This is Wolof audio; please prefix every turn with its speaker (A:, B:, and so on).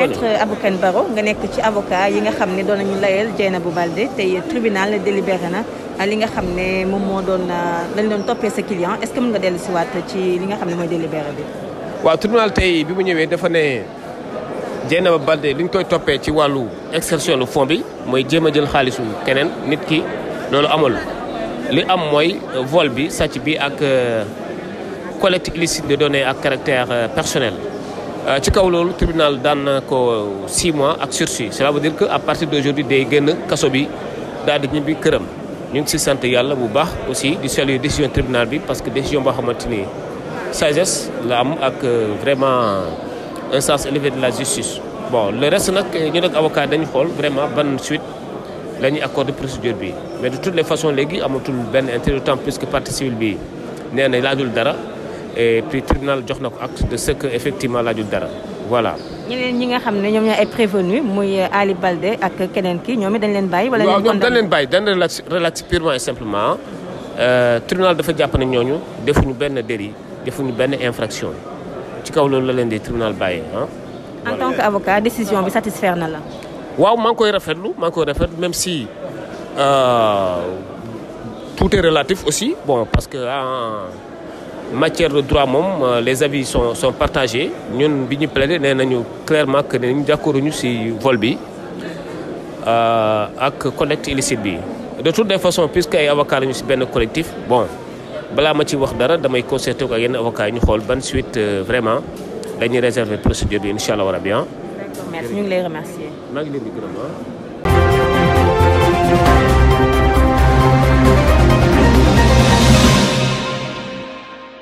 A: maître Aboukane Baro nga nekk ci avocat yi nga xam ne doon nañu layal Dieynabou Baldé tey tribunal délibéré na li nga xam ne moom moo doon lañ doon toppee sa client est-ce que mën nga dell si waat ci li nga xam ne mooy délibéré bi.
B: waaw tribunal tey bi mu ñëwee dafa ne Dieynabou Baldé li ñu koy toppee ci wàllu extorsion de bi mooy jéem a jël xaalisu keneen nit ki loolu amul li am mooy vol bi sàcc bi ak euh, collecte illicite de données ak caractère euh, personnel. Euh, ci kaw loolu tribunal daan na ko 6 mois ak sursis cela veut dire que à partir d'aujourd'hui day génn kaso bi daal ñibbi këram ñu ngi si sant yàlla bu baax aussi di saluer décision tribunal bi parce que décision boo xamante ni sagesse la am ak euh, vraiment un sens élevé de la justice. bon le reste nag euh, ñu nekk avocat dañu xool vraiment ban suite la ñuy accordé procédure bi mais de toutes les façons léegi amatul benn intérêt d'autant plus que partie bi nee na laajul dara. et puis tribunal jox na ko acte de ce que effectivement laajul dara voilà.
A: ñeneen ñi nga xam ne ñoom ñoo ay prévenu muy Ali Baldé ak keneen ki ñoom it dañ leen bàyyi. wala waaw ñoom dañ
B: leen bàyyi dañ relax relax purement et simplement euh, tribunal dafa jàpp ne ñooñu defuñu benn délit defuñu benn infraction ci kaw loolu la leen di tribunal bàyyee ah.
A: en tant que avocat décision bi satisfaire na la.
B: waaw maa koy rafetlu maa ngi koy rafetlu même si. Euh, tout est aussi bon matière de droit moom euh, les avis sont sont ñun bi ñu plaidé nee nañu clairement que ne ñu d'accord ñu ci vole bi euh, ak collecte illicite bi. de toutes les façons puisque ay avocats lañu ci benn collectif bon balaa ma ci wax dara damay concerté ko ak yenn avocats yi ñu xool ban suite euh, vraiment dañuy réserver procédure bi incha allah rabi ah.
A: d'accord